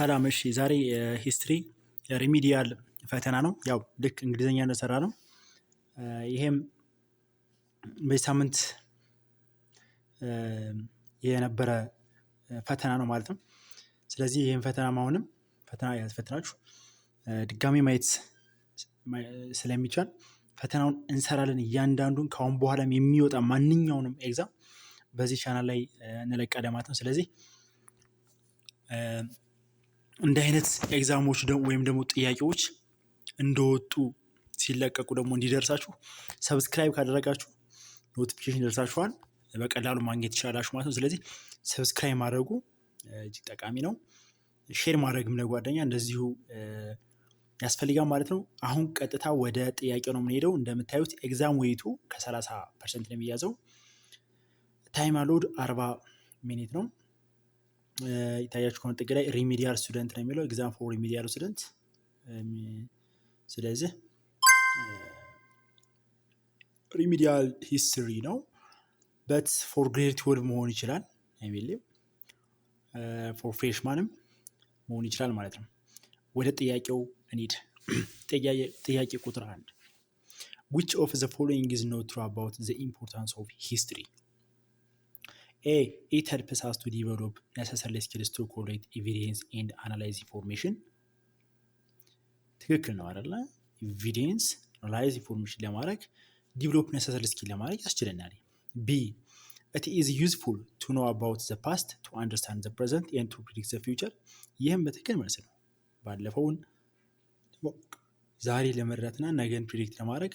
ሰላም እሺ፣ ዛሬ ሂስትሪ ሪሚዲያል ፈተና ነው። ያው ልክ እንግሊዝኛ እንደሰራ ነው። ይሄም በዚህ ሳምንት የነበረ ፈተና ነው ማለት ነው። ስለዚህ ይህም ፈተና ማሁንም ፈተና ያስፈትናችሁ ድጋሚ ማየት ስለሚቻል ፈተናውን እንሰራለን። እያንዳንዱን ከአሁን በኋላም የሚወጣ ማንኛውንም ኤግዛም በዚህ ቻናል ላይ እንለቃለን ማለት ነው። ስለዚህ እንዲህ አይነት ኤግዛሞች ወይም ደግሞ ጥያቄዎች እንደወጡ ሲለቀቁ ደግሞ እንዲደርሳችሁ ሰብስክራይብ ካደረጋችሁ ኖቲፊኬሽን ይደርሳችኋል። በቀላሉ ማግኘት ይችላላችሁ ማለት ነው። ስለዚህ ሰብስክራይብ ማድረጉ እጅግ ጠቃሚ ነው። ሼር ማድረግም ለጓደኛ እንደዚሁ ያስፈልጋል ማለት ነው። አሁን ቀጥታ ወደ ጥያቄው ነው የምንሄደው። እንደምታዩት ኤግዛም ወይቱ ከ30 ፐርሰንት ነው የሚያዘው። ታይም አሎድ 40 ሚኒት ነው። ይታያችሁ ከሆነ ጥግ ላይ ሪሚዲያል ስቱደንት ነው የሚለው ኤግዛም ፎር ሪሚዲያል ስቱደንት። ስለዚህ ሪሚዲያል ሂስትሪ ነው በት ፎር ግሬድ ትወልቭ መሆን ይችላል የሚል ፎር ፍሬሽማንም መሆን ይችላል ማለት ነው። ወደ ጥያቄው እንሂድ። ጥያቄ ቁጥር አንድ ዊች ኦፍ ዘ ፎሎዊንግ ኢዝ ኖት ትሩ አባውት ዘ ኢምፖርታንስ ኦፍ ሂስትሪ ኤ ኢተርፕስ helps us ዲቨሎፕ develop ስኪልስ ቱ to collect ኤንድ አናላይዝ ኢንፎርሜሽን። ትክክል ነው አይደለ? ኤቪዴንስ አናላይዝ ኢንፎርሜሽን ለማድረግ ዲቨሎፕ ነሰሰሪ ስኪል ለማድረግ ያስችለናል። ቢ ኢት ኢዝ ዩዝፉል ቱ ኖው አባውት ዘ ፓስት ቱ አንደርስታንድ ዘ ፕሬዘንት ኤንድ ቱ ፕሪዲክት ዘ ፊውቸር። ይህም በትክክል መልስ ነው። ባለፈውን ዛሬ ለመረዳትና ነገን ፕሪዲክት ለማድረግ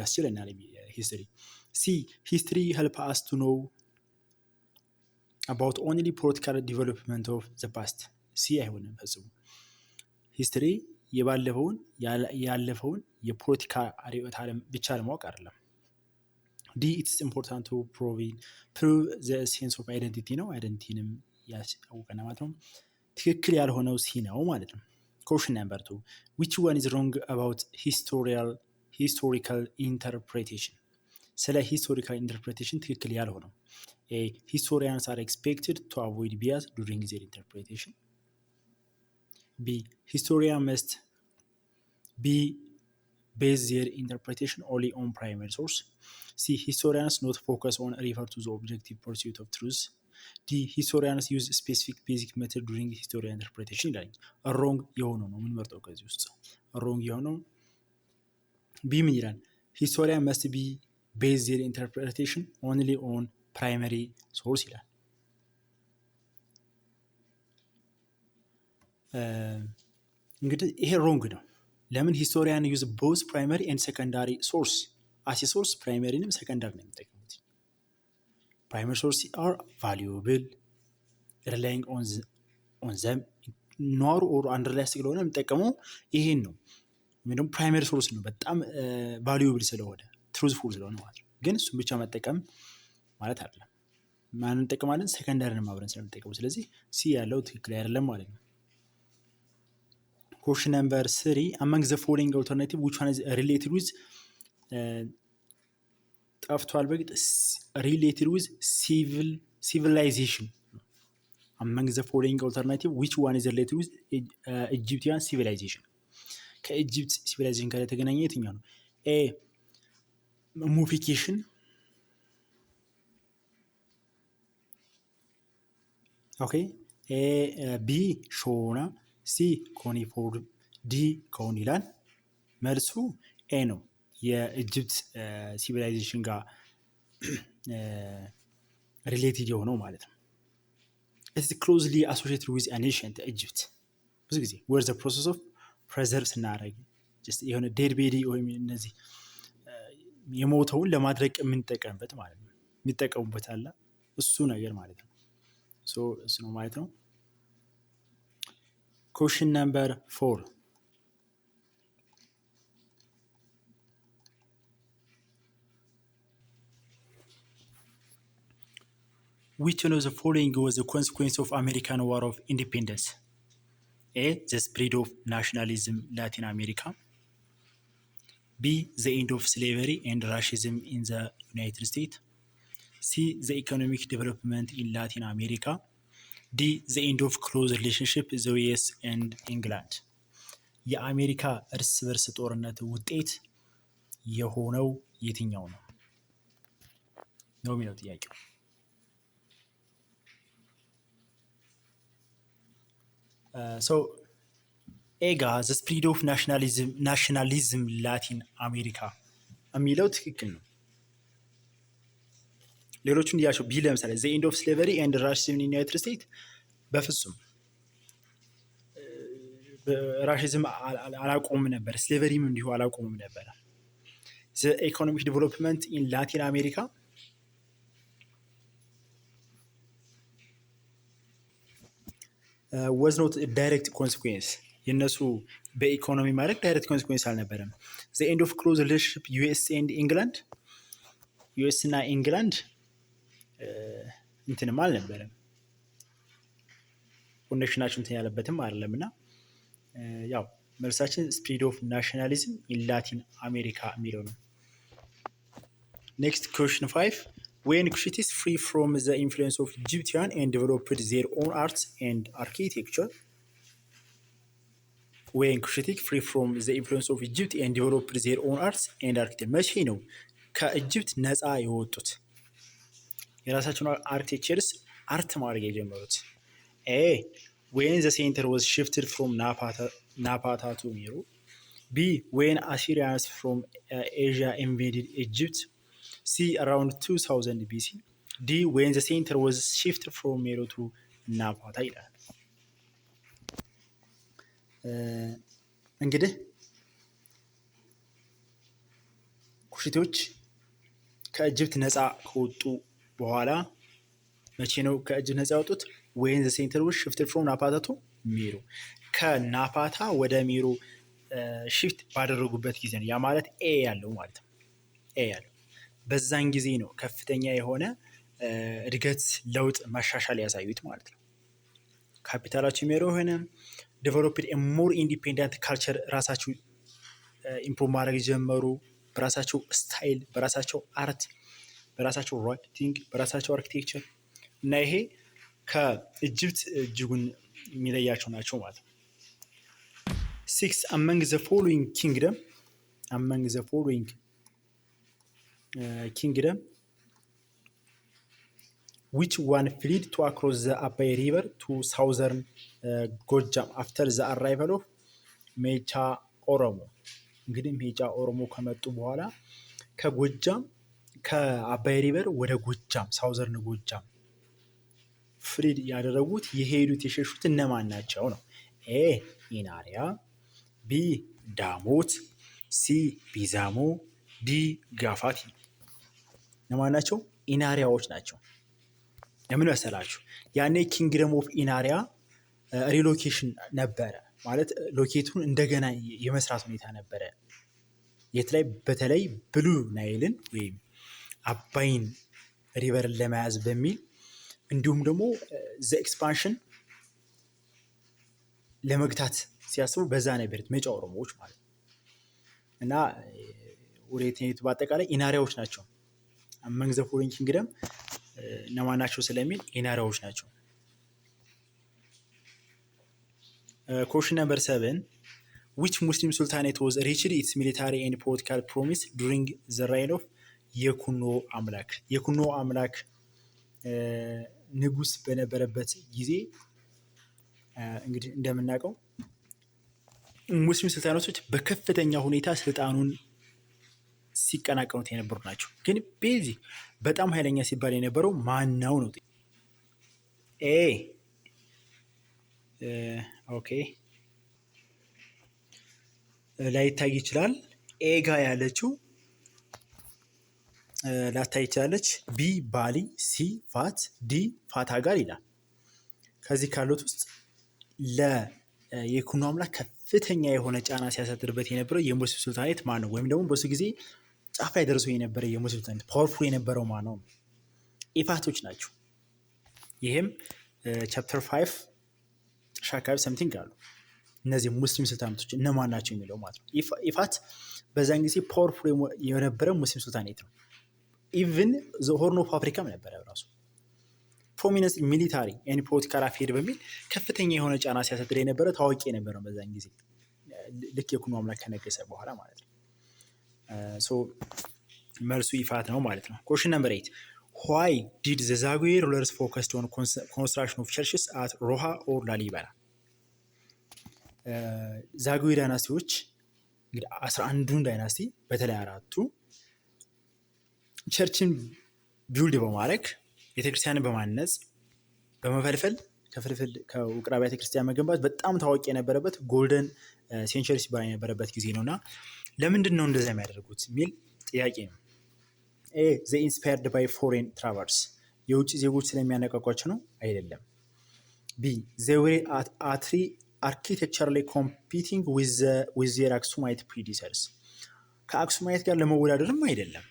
ያስችለናል። ሂስትሪ ሲ ሂስትሪ ሄልፕ አስ ቱ ኖው about only ፖለቲካል ዲቨሎፕመንት ኦፍ ዘ ፓስት ሲ አይሆንም ፈጽሞ። ሂስትሪ የባለፈውን ያለፈውን የፖለቲካ ርዕዮተ ዓለም ብቻ ለማወቅ አይደለም። ዲ ኢትስ ኢምፖርታንት ቱ ፕሮቪን ፕሩቭ ዘ ሴንስ ኦፍ አይደንቲቲ ነው። አይደንቲቲንም ያስታወቀና ማለት ነው። ትክክል ያልሆነው ሲ ነው ማለት ነው። ኮሽን ነምበር ቱ ዊች ዋን ኢዝ ሮንግ አባውት ሂስቶሪያል ሂስቶሪካል ኢንተርፕሬቴሽን ስለ ሂስቶሪካል ኢንተርፕሬቴሽን ትክክል ያልሆነው historians are expected to avoid bias during their interpretation. B. Historians must be base their interpretation only on primary source. C. Historians not focus on refer to the objective pursuit of truth. D. historians use specific basic method during ሂስቶሪ ኢንተርፕሬቴሽን ይላል። ሮንግ የሆነው ነው የምንመርጠው ከዚህ ውስጥ ሮንግ የሆነው ቢ ምን ይላል? ሂስቶሪያን መስት ቢ ቤዝ ፕራይመሪ ሶርስ ይላል። እንግዲህ ይሄ ሮንግ ነው። ለምን ሂስቶሪያን ዩዝ ቦዝ ፕራይመሪ ኤንድ ሴኮንዳሪ ሶርስ አሴ ሶርስ ፕራይመሪንም ሴኮንዳሪ ነው የሚጠቀሙት። ፕራይመሪ ሶርስ አር ቫሉብል ሪላይንግ ኦን ዘም ኗሩ ኦር አንደርላይ ስለሆነ የሚጠቀመው ይሄን ነው ወይም ደግሞ ፕራይመሪ ሶርስ ነው። በጣም ቫሉብል ስለሆነ ትሩዝፉል ስለሆነ ማለት ነው። ግን እሱን ብቻ መጠቀም ማለት አይደለም። ማን እንጠቀማለን? ሰከንደሪንም ማብረን ስለምንጠቀሙ፣ ስለዚህ ሲ ያለው ትክክል አይደለም ማለት ነው። ኮሽን ነምበር ስሪ አማንግ ዘ ፎሎዊንግ አልተርናቲቭ ዊች ዋን ሪሌትድ ዊዝ ጠፍቷል። በግጥ ሪሌትድ ዊዝ ሲቪላይዜሽን አማንግ ዘ ፎሎዊንግ አልተርናቲቭ ዊች ዋን ኢዝ ሪሌትድ ዊዝ ኢጂፕቲያን ሲቪላይዜሽን ከኢጂፕት ሲቪላይዜሽን ጋር የተገናኘ የትኛው ነው? ኤ ሙሚፊኬሽን ok e, ቢ ሾና ሲ ኮኒፎር ዲ ኮን ይላል። መልሱ ኤ e ነው። የኢጅፕት ሲቪላይዜሽን eh, ጋር ሪሌትድ eh, የሆነው ማለት ነው። ኢትስ ክሎዝሊ አሶሺየትድ ዊዝ አን ኤንሸንት ኢጅፕት ብዙ ጊዜ ወር ዘ ፕሮሰስ ኦፍ ፕሬዘርቭ ስናደርግ የሆነ ዴድ ቤዲ ወይም እነዚህ eh, የሞተውን ለማድረቅ የምንጠቀምበት ማለት ነው። የሚጠቀሙበት አለ እሱ ነገር ማለት ነው። So, it's no matter. Question number four. Which one of the following was the consequence of American War of Independence? A. The spread of nationalism in Latin America. B. The end of slavery and racism in the United States. ሲ ዘ ኢኮኖሚክ ዴቨሎፕመንት ኢን ላቲን አሜሪካ፣ ዲ ዘ ኤንድ ኦፍ ክሎዝ ሪሌሽንሽፕ ዘ ዩኤስ ኤንድ ኢንግላንድ። የአሜሪካ እርስ በርስ ጦርነት ውጤት የሆነው የትኛው ነው ነው የሚለው ጥያቄው። ሰው uh, ኤጋ ዘ ስፕሪድ ኦፍ ናሽናሊዝም ላቲን አሜሪካ የሚለው ትክክል ነው። ሌሎቹን እያቸው ቢ ለምሳሌ ዘ ኤንድ ኦፍ ስሌቨሪ ኤንድ ራሽዝም ዩናይትድ ስቴት በፍጹም ራሽዝም አላቆሙም ነበር። ስሌቨሪም እንዲሁ አላቆሙም ነበር። ዘ ኢኮኖሚክ ዲቨሎፕመንት ኢን ላቲን አሜሪካ ወዝ ኖት ዳይሬክት ኮንስኩንስ የእነሱ በኢኮኖሚ ማድረግ ዳይሬክት ኮንስኩንስ አልነበረም። ዘ ኤንድ ኦፍ ክሎዝ ሪሌሽንሽፕ ዩኤስ ኤንድ ኢንግላንድ ዩኤስ እና ኢንግላንድ እንትንም አልነበረም ኮንደሽናችን እንትን ያለበትም አይደለም እና ያው መልሳችን ስፕሪድ ኦፍ ናሽናሊዝም ኢን ላቲን አሜሪካ የሚለው ነው። ኔክስት ኩዌሽን ፋይቭ ዌን ኩሽቲስ ፍሪ ፍሮም ዘ ኢንፍሉዌንስ ኦፍ ኢጂፕቲያን ኤንድ ዲቨሎፕድ ዜር ኦን አርትስ ኤንድ አርኪቴክቸር ዌን ኩሽቲክ ፍሪ ፍሮም ዘ ኢንፍሉዌንስ ኦፍ ኢጂፕት ኤንድ ዲቨሎፕድ ዜር ኦን አርትስ ኤንድ አርኪቴክቸር መቼ ነው ከኢጅፕት ነፃ የወጡት? የራሳቸውን አርክቴክቸርስ አርት ማድረግ የጀመሩት። ኤ ዌን ዘ ሴንተር ወዝ ሽፍትድ ፍሮም ናፓታ ቱ ሚሩ፣ ቢ ዌን አሲሪያንስ ፍሮም ኤዥያ ኢንቬድድ ኢጅፕት፣ ሲ አራውንድ 2000 ቢሲ፣ ዲ ዌን ዘ ሴንተር ወዝ ሽፍት ፍሮም ሜሮ ቱ ናፓታ ይላል። እንግዲህ ኩሽቴዎች ከኢጅፕት ነፃ ከወጡ በኋላ መቼ ነው ከእጅ ነጻ ያወጡት? ወይን ዘ ውስጥ ሽፍት ፍሮም ናፓታ ቱ ሚሮ ከናፓታ ወደ ሚሩ ሽፍት ባደረጉበት ጊዜ ነው። ያ ማለት ኤ ያለው ማለት ነው። ኤ ያለው በዛን ጊዜ ነው ከፍተኛ የሆነ እድገት፣ ለውጥ፣ መሻሻል ያሳዩት ማለት ነው። ካፒታላቸው ሚሮ የሆነ ዴቨሎፕድ ሞር ኢንዲፔንደንት ካልቸር ራሳቸው ኢምፕሩቭ ማድረግ ጀመሩ። በራሳቸው ስታይል፣ በራሳቸው አርት በራሳቸው ራይቲንግ፣ በራሳቸው አርኪቴክቸር እና ይሄ ከኢጅፕት እጅጉን የሚለያቸው ናቸው ማለት ነው። ሲክስ አመንግ ዘ ፎሎዊንግ ኪንግደም አመንግ ዘ ፎሎዊንግ ኪንግደም ዊች ዋን ፍሊድ ቱ አክሮስ ዘ አባይ ሪቨር ቱ ሳውዘርን ጎጃም አፍተር ዘ አራይቨል ኦፍ ሜጫ ኦሮሞ። እንግዲህ ሜቻ ኦሮሞ ከመጡ በኋላ ከጎጃም ከአባይ ሪቨር ወደ ጎጃም ሳውዘርን ጎጃም ፍሪድ ያደረጉት የሄዱት የሸሹት እነማን ናቸው ነው? ኤ ኢናሪያ፣ ቢ ዳሞት፣ ሲ ቢዛሞ፣ ዲ ጋፋቲ። እነማን ናቸው? ኢናሪያዎች ናቸው። ለምን መሰላችሁ? ያኔ ኪንግደም ኦፍ ኢናሪያ ሪሎኬሽን ነበረ ማለት ሎኬቱን እንደገና የመስራት ሁኔታ ነበረ። የት ላይ? በተለይ ብሉ ናይልን ወይም አባይን ሪቨርን ለመያዝ በሚል እንዲሁም ደግሞ ዘ ኤክስፓንሽን ለመግታት ሲያስቡ በዛ ነበር መጫ ኦሮሞዎች ማለት ነው እና ወሬቴኔቱ በአጠቃላይ ኢናሪያዎች ናቸው። አመንግዘ ፎሬን ኪንግደም እነማን ናቸው ስለሚል ኢናሪያዎች ናቸው። ኮሽን ነምበር ሰቨን ዊች ሙስሊም ሱልታኔት ዋዝ ሪችድ ኢትስ ሚሊታሪ ኤንድ ፖለቲካል ፕሮሚስ ዱሪንግ ዘ ራይን ኦፍ የኩኖ አምላክ የኩኖ አምላክ ንጉስ በነበረበት ጊዜ እንግዲህ እንደምናውቀው ሙስሊም ስልጣኖቶች በከፍተኛ ሁኔታ ስልጣኑን ሲቀናቀኑት የነበሩ ናቸው። ግን ቤዚ በጣም ኃይለኛ ሲባል የነበረው ማናው ነው? ኤ ኦኬ፣ ላይታይ ይችላል። ኤጋ ያለችው ላታይ ትችላለች። ቢ ባሊ፣ ሲ ፋት፣ ዲ ጋር ይላል። ከዚህ ካሉት ውስጥ ለ የኩኖ አምላክ ከፍተኛ የሆነ ጫና ሲያሳድርበት የነበረው የሙስሊም ሱልጣኔት ማን ነው? ወይም ደግሞ በሱ ጊዜ ጫፍ ላይ ደርሶ የነበረ የሙስሊም ሱልጣኔት ፓወርፉል የነበረው ማን ነው? ኢፋቶች ናቸው። ይህም ቻፕተር ፋይቭ ጥሻ አካባቢ ሰምቲንግ አሉ። እነዚህ ሙስሊም ሱልጣኔቶች እነማን ናቸው የሚለው ማለት ነው። ኢፋት በዛን ጊዜ ፓወርፉል የነበረ ሙስሊም ሱልጣኔት ነው። ኢቭን ሆርን ኦፍ አፍሪካም ነበረ ራሱ ፕሮሚነንስ ሚሊታሪ ፖለቲካል አፌር በሚል ከፍተኛ የሆነ ጫና ሲያሳድር የነበረ ታዋቂ የነበረ ነው። በዛን ጊዜ ልክ የኩኑ አምላክ ከነገሰ በኋላ ማለት ነው። መልሱ ይፋት ነው ማለት ነው። ኮሽን ነምበር ኤይት ዋይ ዲድ ዘ ዛጉዌ ሩለርስ ፎከስድ ኦን ኮንስትራክሽን ኦፍ ቸርችስ አት ሮሃ ኦር ላሊበላ? ዛጉዌ ዳይናስቲዎች እንግዲህ አስራ አንዱን ዳይናስቲ በተለይ አራቱ ቸርችን ቢውልድ በማድረግ ቤተክርስቲያንን በማነጽ በመፈልፈል ከፍልፍል ከውቅር አብያተ ክርስቲያን መገንባት በጣም ታዋቂ የነበረበት ጎልደን ሴንቸሪ ሲባል የነበረበት ጊዜ ነው እና ለምንድን ነው እንደዚያ የሚያደርጉት የሚል ጥያቄ ነው። ኤ ዘ ኢንስፓየርድ ባይ ፎሬን ትራቨርስ የውጭ ዜጎች ስለሚያነቃቋቸው ነው? አይደለም። ቢ ዘ አትሪ አርኪቴክቸር ላይ ኮምፒቲንግ ዊዝ ዘር አክሱማይት ፕሪዲሰርስ ከአክሱማይት ጋር ለመወዳደርም አይደለም።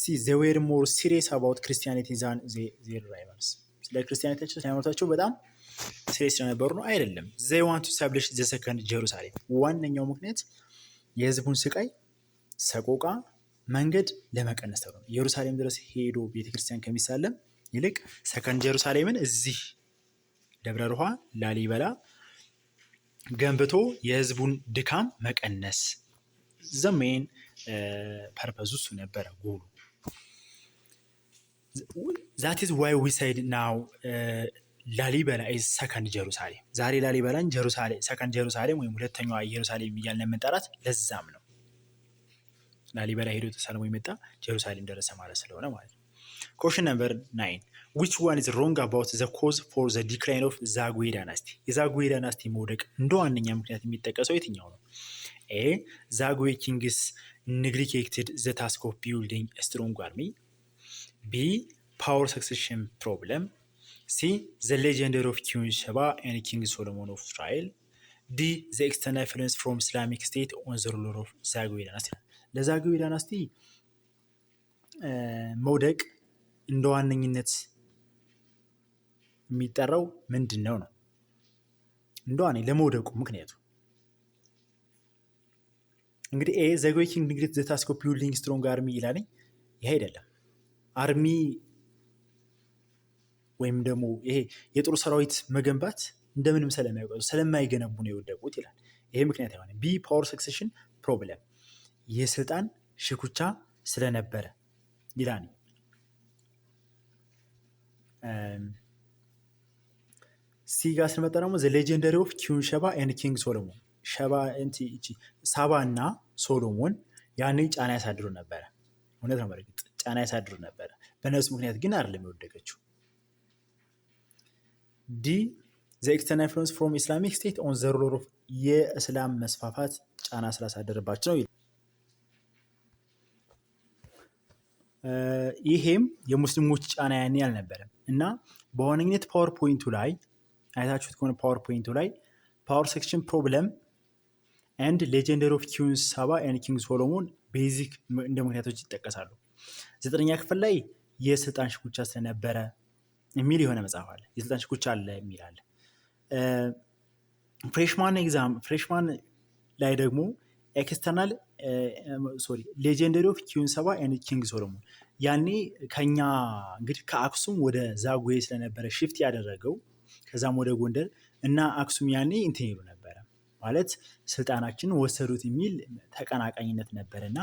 ሲ ዘ ዌር ሞር ሲሪየስ አባውት ክርስቲያኒቲ ዛን ዜር ራይቫልስ ስለ ክርስቲያኒታቸው ስለ ሃይማኖታቸው በጣም ሲሪየስ ስለነበሩ ነው አይደለም። ዘይ ዋንቱ ስታብሊሽ ዘ ሰከንድ ጀሩሳሌም ዋነኛው ምክንያት የህዝቡን ስቃይ ሰቆቃ መንገድ ለመቀነስ ተብሎ ኢየሩሳሌም ድረስ ሄዶ ቤተክርስቲያን ከሚሳለም ይልቅ ሰከንድ ጀሩሳሌምን እዚህ ደብረ ሮሃ ላሊበላ ገንብቶ የህዝቡን ድካም መቀነስ ዘሜን ፐርፐዙ እሱ ነበረ ጎሉ። ዛት ኢዝ ዋይ ዊ ሳይድ ናው ላሊበላ ኢዝ ሰከንድ ጀሩሳሌም። ዛሬ ላሊበላን ሰከንድ ጀሩሳሌም ወይም ሁለተኛዋ ኢየሩሳሌም እያልን የምንጠራት ለዛም ነው። ላሊበላ ሄዶ ተሳልሞ የመጣ ጀሩሳሌም ደረሰ ማለት ስለሆነ ማለት ነው። ኮሽን ነምበር ናይን ዊች ዋን ኢዝ ሮንግ አባውት ዘ ኮዝ ፎር ዘ ዲክላይን ኦፍ ዛጉዌ ዳናስቲ። የዛጉዌ ዳናስቲ መውደቅ እንደ ዋነኛ ምክንያት የሚጠቀሰው የትኛው ነው? ኤ ዛጉዌ ኪንግስ ንግሊጌክትድ ዘ ታስክ ኦፍ ቢውልዲንግ ስትሮንግ አርሚ ቢ ፓወር ሰክሴሽን ፕሮብለም፣ ሲ ዘ ሌጀንደር ኦፍ ኪንግ ሸባ ኤንድ ኪንግ ሶሎሞን ኦፍ እስራኤል፣ ዲ ዘ ኤክስተርናል ኢንፍሉዌንስ ፍሮም ኢስላሚክ ስቴት ኦን ዘ ሩለር ኦፍ ዛጉዌ ዳናስቲ። ለዛጉዌ ዳናስቲ መውደቅ እንደ ዋነኝነት የሚጠራው ምንድን ነው ነው እንደ ለመውደቁ ምክንያቱ እንግዲህ ኤ ዘ ጎይ ኪንግ ንግሪት ዘ ታስክ ኦፍ ቢልዲንግ ስትሮንግ አርሚ ይላለኝ። ይህ አይደለም። አርሚ ወይም ደግሞ ይሄ የጦር ሰራዊት መገንባት እንደምንም ስለማይወጡ ስለማይገነቡ ነው የወደቁት ይላል። ይሄ ምክንያት አይሆንም። ቢ ፓወር ሰክሴሽን ፕሮብለም የስልጣን ሽኩቻ ስለነበረ ይላል። ሲ ጋር ስንመጣ ደግሞ ዘ ሌጀንደሪ ኦፍ ኪን ሸባ ኤንድ ኪንግ ሶሎሞን ሸባ ሳባ እና ሶሎሞን ያኔ ጫና ያሳድሩ ነበረ። እውነት ነው በርግጥ ጫና ያሳድር ነበረ። በነፍስ ምክንያት ግን አይደለም የወደቀችው። ዲ ዘ ኤክስተርናል ኢንፍሉዌንስ ፍሮም ኢስላሚክ ስቴት ኦን ዘ ሮል ኦፍ የእስላም መስፋፋት ጫና ስላሳደረባቸው ነው። ይሄም የሙስሊሞች ጫና ያኔ አልነበረም እና በዋነኝነት ፓወር ላይ አይታችሁት ከሆነ ፓወር ላይ ፓወር ሴክሽን ፕሮብለም ኤንድ ሌጀንደሪ ኦፍ ኪንግስ ሳባ ኤንድ ኪንግ ሶሎሞን ቤዚክ እንደ ምክንያቶች ይጠቀሳሉ። ዘጠነኛ ክፍል ላይ የስልጣን ሽኩቻ ስለነበረ የሚል የሆነ መጽሐፍ አለ። የስልጣን ሽኩቻ አለ የሚል አለ። ፍሬሽማን ኤግዛም ፍሬሽማን ላይ ደግሞ ኤክስተርናል ሶሪ ሌጀንደሪ ኦፍ ኪዩን ሰባ ኤንድ ኪንግ ሶሎሞን ያኔ ከኛ እንግዲህ ከአክሱም ወደ ዛጉዌ ስለነበረ ሽፍት ያደረገው ከዛም ወደ ጎንደር እና አክሱም ያኔ እንትን ይሉ ነበረ ማለት ስልጣናችን ወሰዱት የሚል ተቀናቃኝነት ነበር እና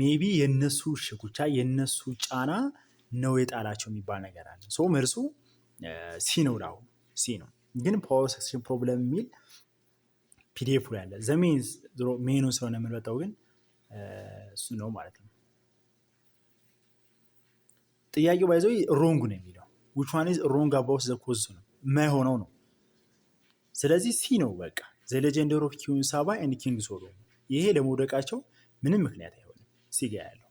ሜቢ የነሱ ሽኩቻ የነሱ ጫና ነው የጣላቸው የሚባል ነገር አለ። ሶ መርሱ ሲ ነው፣ ዳሁ ሲ ነው። ግን ፓወር ሰክሽን ፕሮብለም የሚል ፒዲኤፍ ላይ አለ። ዘሜን ድሮ ሜኑ ስለሆነ የምንበጠው ግን እሱ ነው ማለት ነው። ጥያቄው ባይዘው ሮንግ ነው የሚለው ዊችዋን ኢዝ ሮንግ አባውት ዘ ኮዝ ነው የማይሆነው ነው። ስለዚህ ሲ ነው በቃ ዘ ሌጀንደሪ ኦፍ ኪንግ ሳባ ኤንድ ኪንግ ሶሎ። ይሄ ለመውደቃቸው ምንም ምክንያት Siga.